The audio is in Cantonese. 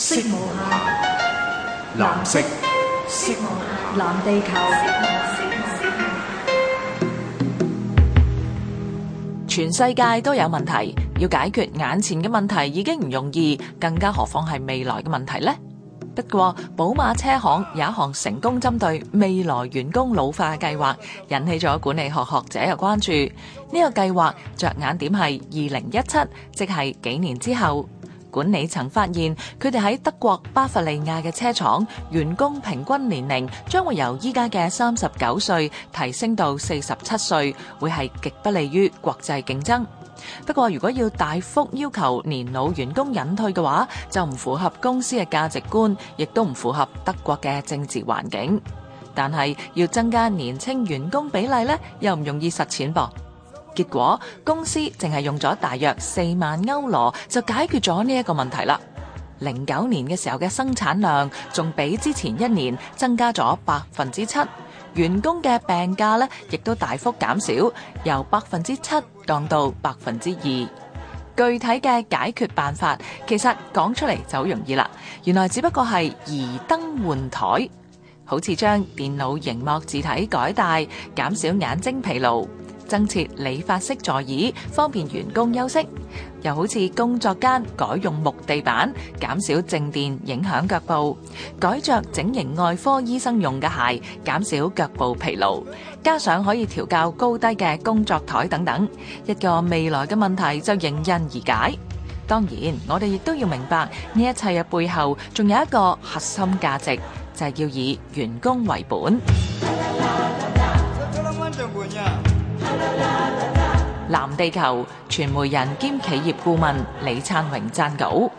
色無限，藍色，色無限，藍地球，全世界都有問題，要解決眼前嘅問題已經唔容易，更加何況係未來嘅問題呢？不過寶馬車行有一項成功針對未來員工老化嘅計劃，引起咗管理學學者嘅關注。呢個計劃着眼點係二零一七，即係幾年之後。管理曾發現，他們在德國巴伐利亞的車場，員工平均年齡將會由現在的三十九歲提升到四十七歲，會是極不利於國際競爭。不過，如果要大幅要求年老員工引退的話，就不符合公司的價值觀，亦都不符合德國的政治環境。但是，要增加年輕員工比例又不容易實淺薄。結果公司淨係用咗大約四萬歐羅就解決咗呢一個問題啦。零九年嘅時候嘅生產量仲比之前一年增加咗百分之七，員工嘅病假呢亦都大幅減少，由百分之七降到百分之二。具體嘅解決辦法其實講出嚟就好容易啦，原來只不過係移燈換台，好似將電腦熒幕字體改大，減少眼睛疲勞。增設理髮式座椅，方便員工休息，又好似工作間改用木地板，減少靜電影響腳步，改着整形外科醫生用嘅鞋，減少腳部疲勞，加上可以調校高低嘅工作台等等，一個未來嘅問題就迎刃而解。當然，我哋亦都要明白，呢一切嘅背後仲有一個核心價值，就係要以員工為本。藍地球，傳媒人兼企業顧問李燦榮撰稿。